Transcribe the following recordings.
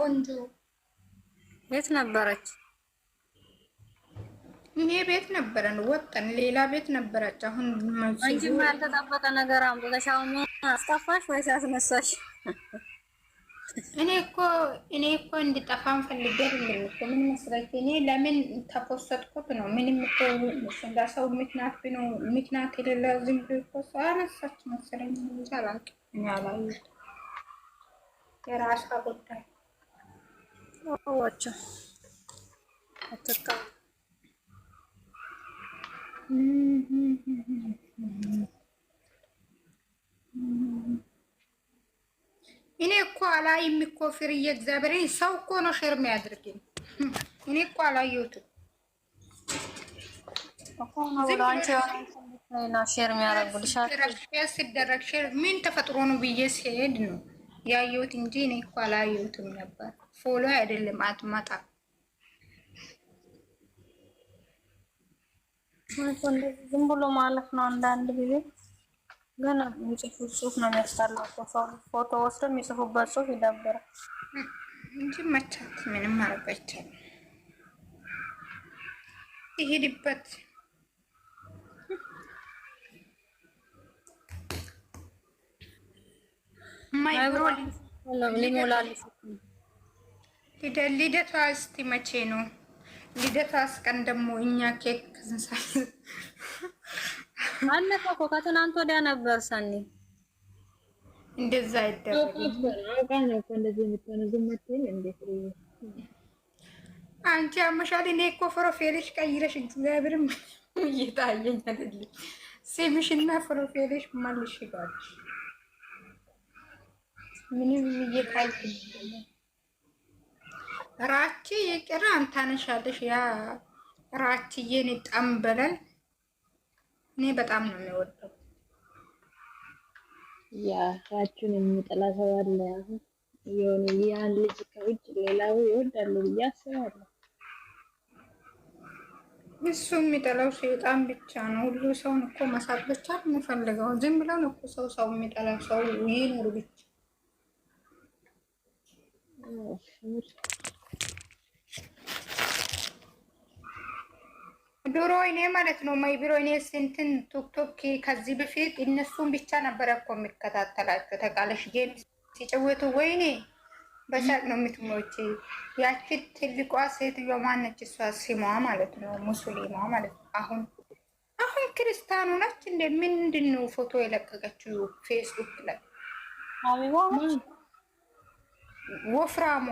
ቆንጆ ቤት ነበረች። እኔ ቤት ነበረን ወጣን። ሌላ ቤት ነበረች። አሁን እንጂ ያልተጠበቀ ነገር አምጥተሽ አሁን አስጠፋሽ ወይስ አስነሳሽ? እኔ እኮ እኔ እኮ እንድጠፋን ፈልጌ አይደለም እኮ ምን መስረት እኔ ለምን ተኮሰጥኩት ነው። ምንም እኮ ሰው ምክንያት ብኖ ምክንያት የሌለ ዝም ብሎ እኮ ሰው አነሳች መሰለኝ። አላውቅም እኔ አላየሁትም። የራሷ ጉዳይ አዋቸው አትቃ እኔ እኮ አላይም እኮ ፍርዬ፣ እግዚአብሔርን ሰው እኮ ነው ሼር የሚያደርግኝ። እኔ እኮ አላየሁትም ሼር የሚያደርጉልሽ ምን ተፈጥሮ ነው ብዬ ሲሄድ ነው ያየሁት እንጂ እኔ እኮ አላየሁትም ነበር። ፎሎ አይደለም አትመጣ ዝም ብሎ ማለፍ ነው። አንዳንድ ጊዜ ግን የሚጽፉት ጽሁፍ ነው የሚያስጠላቸው። ፎቶ ወስዶ የሚጽፉበት ጽሁፍ ይደብራል እንጂ መቻት ምንም አረጋችል ይሄድበት ልደቷ እስቲ መቼ ነው? ልደቷስ ቀን ደግሞ እኛ ኬክ አለፈ እኮ ከትናንት ወዲያ ነበር። ሰኒ እንደዛ አንቺ አመሻል። እኔ እኮ ፕሮፌልሽ ቀይረሽ እግዚአብሔርም እየታየኝ አይደለም። ስምሽና ፕሮፌልሽ መልሽ ይባልሽ ምንም እየታይ ራቺ ያ የኔ ጠንበለል እኔ በጣም ነው የሚወደው። ያ የሚጠላ ሰው አለ? የሆነ ያን ልጅ ከውጭ ሌላው ይወዳሉ ብዬ አስባለሁ። እሱ የሚጠላው ሰይጣን ብቻ ነው። ሁሉ ሰውን እኮ መሳት ብቻ ዝም እኮ ሰው ሰው የሚጠላ ሰው ይኖር ብቻ ድሮ እኔ ማለት ነው ማይ ቢሮ እኔ ስንትን ቶክቶክ ከዚህ በፊት እነሱን ብቻ ነበረ እኮ የሚከታተላቸው። ተቃለሽ ጌም ሲጨወቱ ወይኔ በሳቅ ነው የምትሞች። ያቺ ትልቋ ሴትዮ ማነች? እሷ ሲሟ ማለት ነው ሙስሊሟ ማለት ነው። አሁን አሁን ክርስቲያኑ ነች እንደ ምንድን ነው ፎቶ የለቀቀችው ፌስቡክ ላይ ወፍራሟ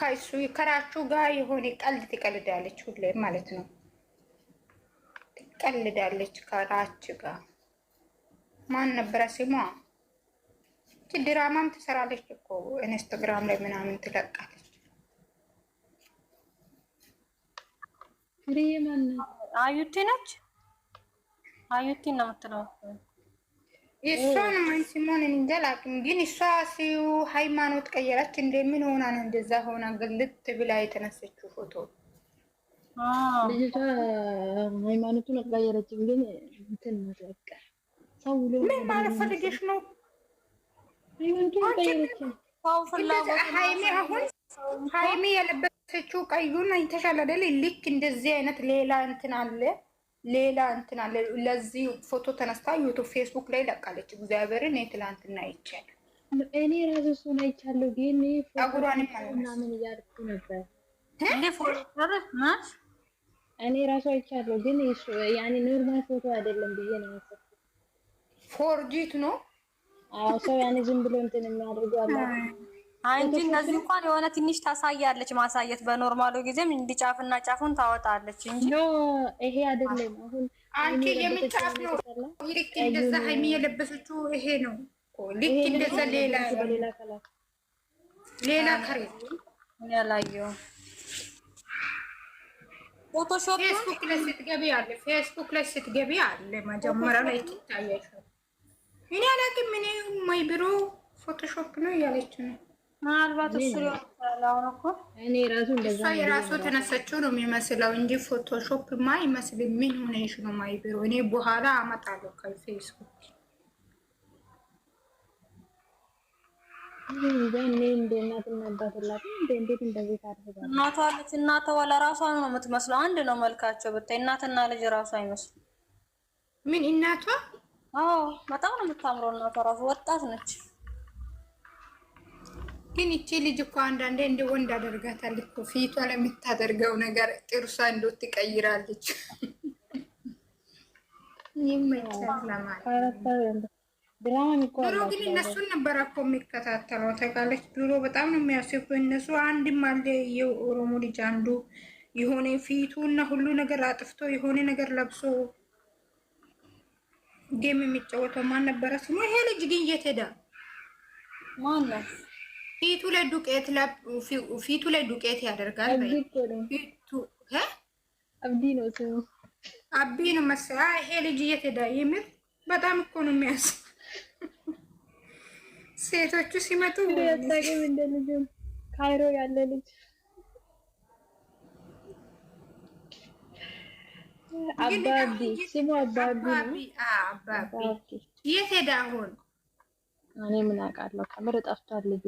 ከእሱ ከራችሁ ጋር የሆነ ቀልድ ትቀልዳለች፣ ሁሌም ማለት ነው ትቀልዳለች ከራች ጋር። ማን ነበረ ስሟ? ድራማም ትሰራለች እኮ ኢንስታግራም ላይ ምናምን ትለቃለች። አዩቲ ነች። አዩቲ ነው የምትለው የእሷን ማን ሲሆን እንጃ ግን እሷ ሲው ሃይማኖት ቀየረች እንደምን ሆና ነው እንደዛ ሆና ግልጥ ብላ የተነሰችው ፎቶ ልጅቷ ሃይማኖቱን አቀየረችም ግን እንትን በቃ ሰው ምን ማለት ፈልገሽ ነው ሃይማኖቱን ቀየረች ሃይሚ የለበሰችው ቀዩን አይተሻል አይደል ልክ እንደዚህ አይነት ሌላ እንትን አለ ሌላ እንትና ለዚህ ፎቶ ተነስታ ዩቱብ ፌስቡክ ላይ ለቃለች። እግዚአብሔርን የትላንትና ይቻል እኔ ራሱ እሱን አይቻለሁ፣ ግን ጸጉሯንም ምናምን እያልኩ ነበር። እኔ ራሱ አይቻለሁ፣ ግን ያኔ ኖርማል ፎቶ አይደለም ብዬ ነው ያሰብኩት። ፎርጂት ነው ሰው ያኔ ዝም ብሎ እንትን የሚያደርጉ አለ አንቺ እነዚህ እንኳን የሆነ ትንሽ ታሳያለች። ማሳየት በኖርማሉ ጊዜም እንዲህ ጫፍና ጫፉን ታወጣለች እንጂ ኖ ይሄ አይደለም። አሁን አንቺ የምን ነው? ልክ እንደዛ ሀይሚ የለበሰችው ይሄ ነው። ልክ እንደዛ ሌላ ሌላ ከሬ ያላየው ፎቶሾፕ ፌስቡክ ላይ ስትገቢ አለ። ፌስቡክ ላይ ስትገቢ አለ። መጀመሪያ ላይ ትታያለሽ። እኔ አላውቅም። እኔ ማይ ቢሮ ፎቶሾፕ ነው እያለች ነው ምናልባት እሱ ሆን እኮ እኔ ራሱ እንደዛ የራሱ ተነሰችው ነው የሚመስለው እንጂ ፎቶሾፕ ማ ይመስል ምን ሆነሽ ነው ማይ ቢሮ እኔ በኋላ አመጣለሁ ከፌስቡክ እናቷ ልጅ እናቷ ለራሷ ነው የምትመስለው። አንድ ነው መልካቸው ብታይ እናትና ልጅ ራሷ አይመስሉም። ምን እናቷ? አዎ በጣም ነው የምታምረው እናቷ ራሱ ወጣት ነች። ግን ይቺ ልጅ እኮ አንዳንዴ እንደ ወንድ አደርጋታል እኮ ፊቷ ለምታደርገው ነገር ጥርሷ እንዶት ትቀይራለች። ድሮ ግን እነሱን ነበር እኮ የሚከታተለው ተቃለች። ድሮ በጣም ነው የሚያስቁ እነሱ። አንድም አለ የኦሮሞ ልጅ አንዱ የሆነ ፊቱ እና ሁሉ ነገር አጥፍቶ የሆነ ነገር ለብሶ ጌም የሚጫወተው ማን ነበረ ስሙ? ይሄ ልጅ ግን የት ሄዳ ማን ነው? ፊቱ ላይ ዱቄት ፊቱ ላይ ዱቄት ያደርጋል። አብዲ ነው ስሙ፣ አብዲ ነው መሰለህ። ይሄ ልጅ የት ሄዳ? የምር በጣም እኮ ነው የሚያስ ሴቶቹ ሲመጡ እንደ ልጅ ካይሮ ያለ ልጅ አባቢ ስሙ አባቢ አባቢ የት ሄዳ አሁን? እኔ ምን አውቃለሁ፣ ከምር ጠፍቷል ልጁ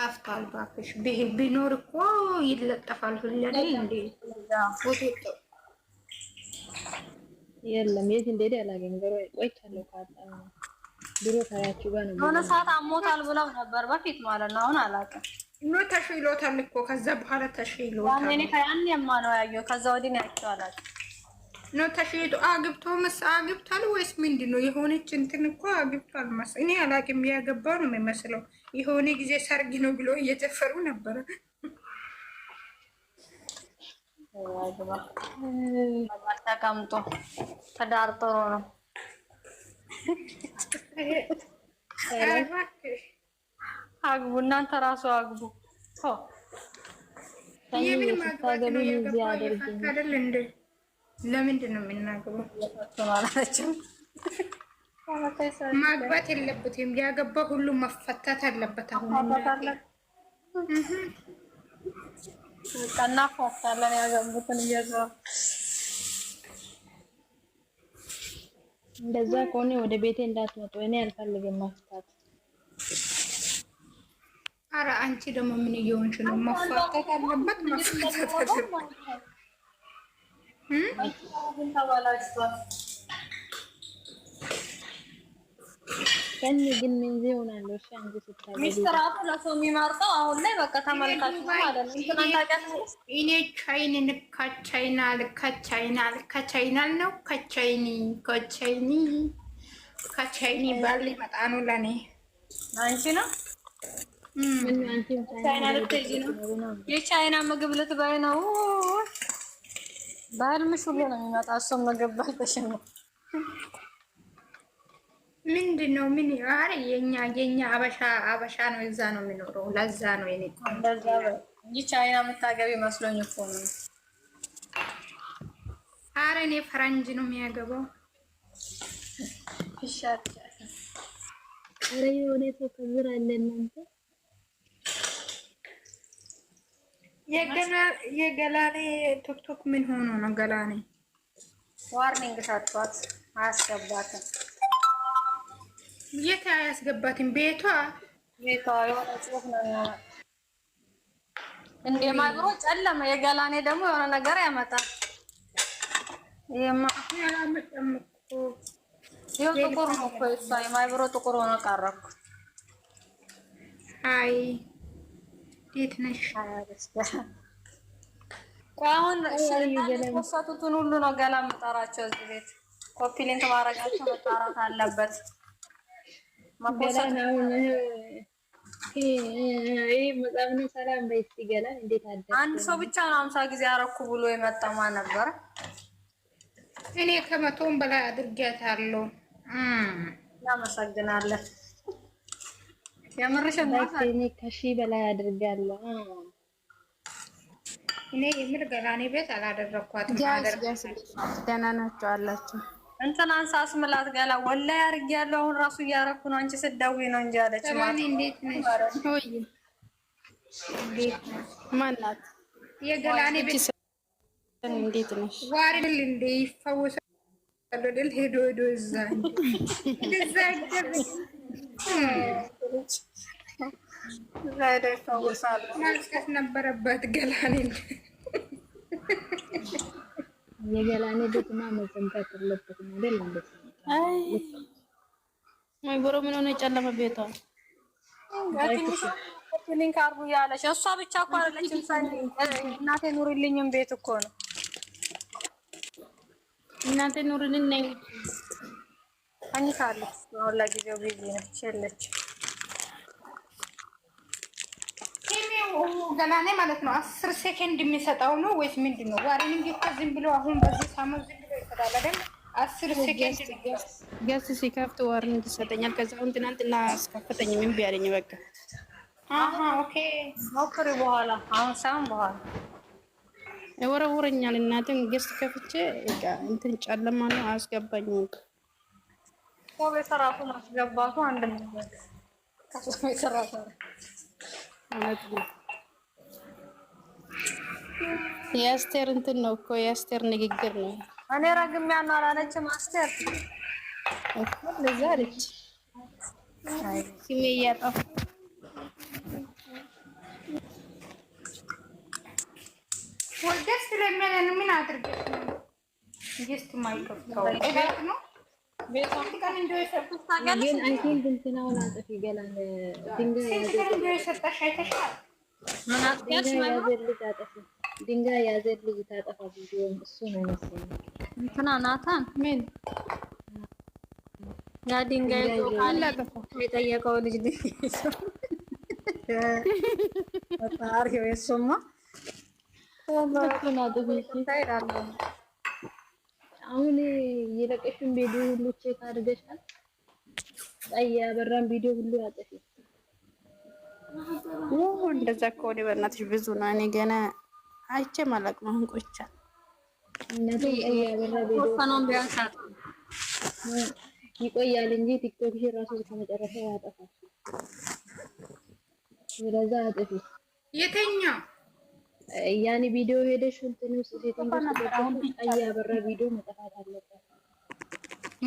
ጠፍቷል። እባክሽ ቢኖር እኮ ይለጠፋል። ሁሌ እንደ የለም የት እንደሄደ አላገኝ ገሮ ቆይቻለሁ። ድሮ ታያችሁ ጋር ነው። የሆነ ሰዓት አሞታል ብለው ነበር በፊት ማለት ነው። አሁን አላውቅም። ኖ ተሽሎታል እኮ ከዛ በኋላ ተሽሎታል። ያኔ ከያኔማ ነው ያየው። ከዛ ወዲህ ነው ያቸው አላውቅም ነው ተሽጦ አግብቶ መስ አግብቷል ወይስ ምንድን ነው? የሆነች እንትን እኮ አግብቷል መስ እኔ አላቅም። ያገባው ነው የሚመስለው። የሆነ ጊዜ ሰርግ ነው ብሎ እየጨፈሩ ነበረ። ተቀምጦ ትዳር ጥሩ ነው። አግቡ እናንተ ራሱ አግቡ። የምን ማግባት ነው? ያገባ አይደል እንደ ለምንድን ነው የምናገባው? ማለታቸው ማግባት የለበትም። ያገባ ሁሉ መፈታት አለበት። አሁን እናፋታለን ያገቡትን እንደዛ ከሆነ ወደ ቤቴ እንዳትመጡ። እኔ አልፈልግም መፍታት። አረ አንቺ ደግሞ ምን እየሆንሽ ነው? መፋታት አለበት መፋታት አለበት ከእኔ ግን ምንዜ ሆናለሁ። እሺ አንቺ ስታይ ሚስትራቱ ለሰው የሚመርጠው አሁን ላይ በቃ ተመልካች ማለት ነው። እኔ ቻይን ከቻይና ከቻይና ከቻይና ነው ከቻይኒ ከቻይኒ ከቻይኒ ባል ሊመጣ ነው ለእኔ አንቺ ነው የቻይና ምግብ ልትበይ ነው በህልምሽ ሁሉ ነው የሚመጣ። እሱም ምግብ ባልተሽም ነው ምንድን ነው ምን ኧረ የኛ የኛ አበሻ አበሻ ነው። እዛ ነው የሚኖረው። ለዛ ነው የኔ እንጂ ቻይና የምታገቢ መስሎኝ እኮ ነው። አረ እኔ ፈረንጅ ነው የሚያገባው። ይሻል ኧረ የሆነ ተከብር አለ እናንተ የገላኔ ቶክቶክ ምን ሆኖ ነው? ገላኔ ዋርኒንግ ሰጥቷት አያስገባትም። የት አያስገባትም? ቤቷ ቤቷ የሆነ ጽሁፍ ነው የማግሮ ጨለመ። የገላኔ ደግሞ የሆነ ነገር ያመጣል። ይኸው ጥቁር ነው እኮ የማይብሮ ጥቁር ሆኖ ቀረኩ። አይ እንዴት ነሽ? ቆይ አሁን የሚከሰቱትን ሁሉ ነው ገላ የምጠራቸው። እዚህ ቤት ኮፒ ሊንክ ማድረጋቸው መጣራት አለበት። አንድ ሰው ብቻ ነው አምሳ ጊዜ አረኩ ብሎ የመጠማ ነበር። እኔ ከመቶም በላይ አድርጊያታለሁ። እናመሰግናለን። እኔ ከሺ በላይ አድርጋለሁ። እኔ የምር ገና እኔ ቤት አላደረኳትም። ደህና ናቸው አላቸው። እንትናን ሳስምላት ገላ ወላሂ አድርጊያለሁ። አሁን ራሱ እያደረኩ ነው። አንቺ ስትደውይ ነው እንጂ አለች። እንዴት ነሽ? ማን የገላኔ ቤት እንዴት ነሽ? ዋሪል እንዴ ይፈወሳል። ሄዶ ሄዶ እዛ እዛ ይደረግ ልጅ ማልቀስ ነበረበት ገላኔ የገላኔ ቤትና መዘንጋት አለበት ወይ ምን ሆነ? የጨለመ ቤቷ ትንሽ አርጉ እሷ ብቻ እኮ አይደለችም። እናቴ ኑሪልኝም ቤት እኮ ነው። እናቴ አሁን ለጊዜው ቢዚ ነች የለችም ገና እኔ ማለት ነው አስር ሴኬንድ የሚሰጠው ነው ወይስ ምንድን ነው? ዋሬን እንዴት ዝም ብሎ አሁን በዚህ ሳሙን ዝም ብሎ ይሰጣል አይደል? አስር ሴኬንድ ገስ ሲከፍት ዋርኒንግ ይሰጠኛል። ከዛ አሁን ትናንትና አስከፍተኝ ምን ቢያለኝ በቃ ኦኬ ሞክሪ በኋላ አሁን ሳም በኋላ የወረውረኛል እናትን ገስ ከፍቼ በቃ እንትን ጨለማ ነው አስገባኝ። ወቅ ቤተራሱ ማስገባቱ አንድ ነው ቤተራሱ ማለት ነው። የአስቴር እንትን ነው እኮ የአስቴር ንግግር ነው። እኔ ረግም ያለው አላለችም አስቴር ለዛ አለች። ስሜ እያጠፋ ወደስ ስለሚያለን ምን አድርገ ጌስት ማይከፍተው ነው ግን አንቺን ድንትናውን ድንጋይ ያዘ ልጅ ድንጋይ ያዘ ልጅ ታጠፋ ቪዲዮም እሱ ነው መሰለኝ። እንትና ናታን ምን ያ ድንጋይ የጠየቀው ልጅ ድንጋይ የሱማ አሁን የለቀሽን ቪዲዮ ሁሉ ቼክ አድርገሻል? ጠያ በራን ቪዲዮ ሁሉ ያጠፊ እንደዛ ከሆነ በእናትሽ ብዙ ነው። እኔ ገና አይቼ ማላቅ ነው። እንቆቻ ይቆያል እንጂ ቲክቶክሽ ራሱ ከመጨረሻ ያጠፋል። ስለዛ አጥፊ ቪዲዮ ሄደሽ እንትን ውስጥ ቪዲዮ መጠፋት አለባት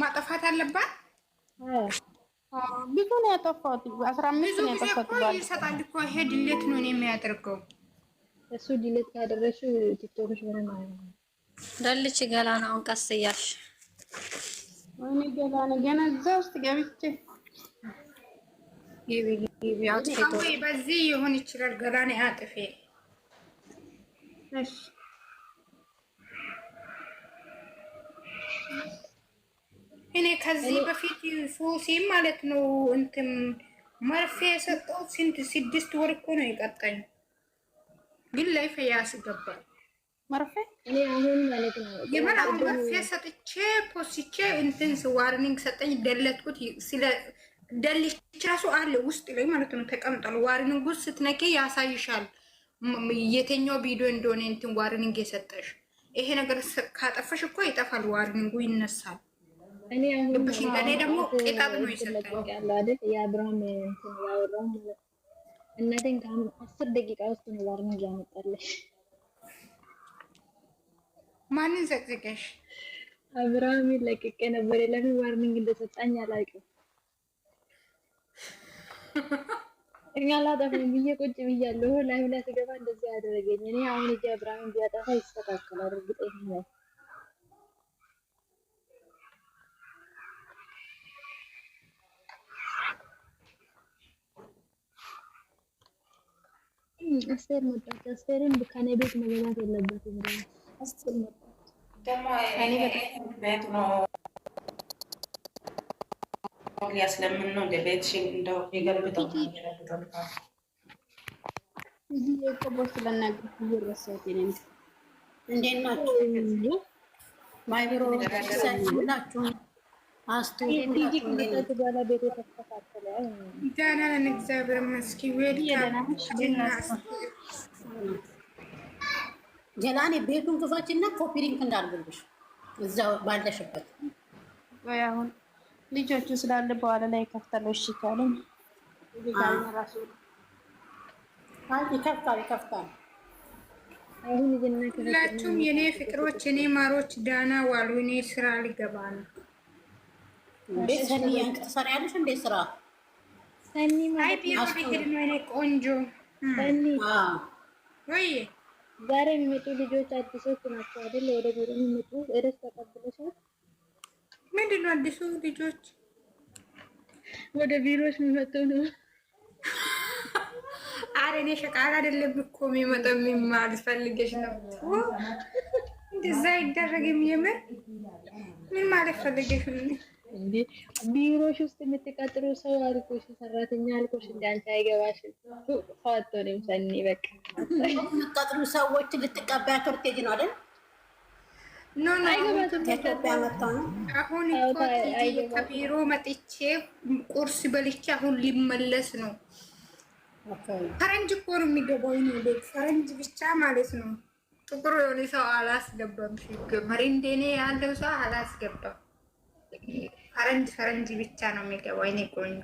ማጠፋት አለባት። ብዙ ነው ያጠፋት። አስራ አምስት ነው ያጠፋት። ይሰጣል እኮ ሄድ እንዴት ነው የሚያደርገው? እሱ ዲሌት ያደረግሽው ቲክቶክሽ ምንም አይሆንም። ዳልች ገላ ነው። አሁን ቀስ እያልሽ ወይኔ ገላ ነው። ገና እዛ ውስጥ ገብቼ ግቢ ግቢ። በዚህ ይሆን ይችላል። ገላ ነው። አጥፌ እሺ እኔ ከዚህ በፊት ሱሲ ማለት ነው እንትም መርፌ የሰጠው ስንት ስድስት ወር እኮ ነው የቀጣኝ ግን ላይፍ ያስገባል። መርፌ የምን አሁን መርፌ ሰጥቼ ፖስቼ እንትን ዋርኒንግ ሰጠኝ፣ ደለጥኩት። ስለ ደልቼ ራሱ አለ ውስጥ ላይ ማለት ነው ተቀምጧል። ዋርኒንግ ውስጥ ስትነኪ ያሳይሻል የተኛው ቪዲዮ እንደሆነ እንትን ዋርኒንግ የሰጠሽ ይሄ ነገር ካጠፈሽ እኮ ይጠፋል፣ ዋርኒንጉ ይነሳል። እኔ ደግሞ ቅጣት ነው ይሰጣል። እናቴን ከአስር ደቂቃ ውስጥ ነው ዋርኒንግ ያመጣለሽ። ማንን ዘቅዘቀሽ? አብርሃም ለቅቄ ነበር። ለምን ዋርኒንግ እንደሰጣኝ አላውቅም። እኛ ላጠፋኝ ብዬ ቁጭ ብያለሁ። ላይ ላይ ስገባ እንደዚያ ያደረገኝ እኔ አሁን እጅ አብርሃም ቢያጠፋ ይስተካከላል እርግጠኛ ነኝ። አስቴር መጣች። አስቴርን ከኔ ቤት መገባት የለበትም። አስቴር መጣች ደግሞ ቤት ነው ሊያስለምን ነው ቤት እንደው የገብጠው እንዴት ናቸው ማይብሮ ናችሁ ጀላኔ ቤቱን ክፈችና ኮፒ ሊንክ እንዳርግልሽ እዛው ባለሽበት ወይ አሁን ልጆቹ ስላለ በኋላ ላይ ይከፍታል። እሺ ይከፍታል ይከፍታል። ሁላችሁም የኔ ፍቅሮች፣ እኔ ማሮች ዳና ዋሉ። እኔ ስራ ሊገባ ነው። ትሰሪያለሽ እንዴ ስራ? ቆንጆ ዛሬ የሚመጡ ልጆች አዲሶች ናቸው አይደል? ወደ ቢሮ የሚመጡ ርስ ተቀብለሻል? ምንድን ነው አዲሱ ልጆች ወደ ቢሮዎች የሚመጡ ነው። አረ እኔ ሸቃላ አይደለም እኮ የሚመጣው የሚማል ፈልገሽ ነው። እንደዛ አይደረግም። የምር ምን ማለት ፈልገሽ እንዴ ቢሮሽ ውስጥ የምትቀጥሩ ሰው አልኮሽ ሰራተኛ አልኮሽ እንዳንቺ አይገባሽም። ሰዋቶ ነው ሰኒ በቃ የምትቀጥሩ ሰዎች ልትቀበያ ትርቴጅ ነው አይደል? ኖ ከኢትዮጵያ አሁን እኮ ከቢሮ መጥቼ ቁርስ በልቼ አሁን ሊመለስ ነው። ፈረንጅ እኮ ነው የሚገባው ቤት ፈረንጅ ብቻ ማለት ነው። ጥቁር የሆነ ሰው አላስገባም። ሲገመር እንደኔ ያለው ሰው አላስገባም። ፈረንጅ ፈረንጅ ብቻ ነው የሚገባው። እኔ ቆንጆ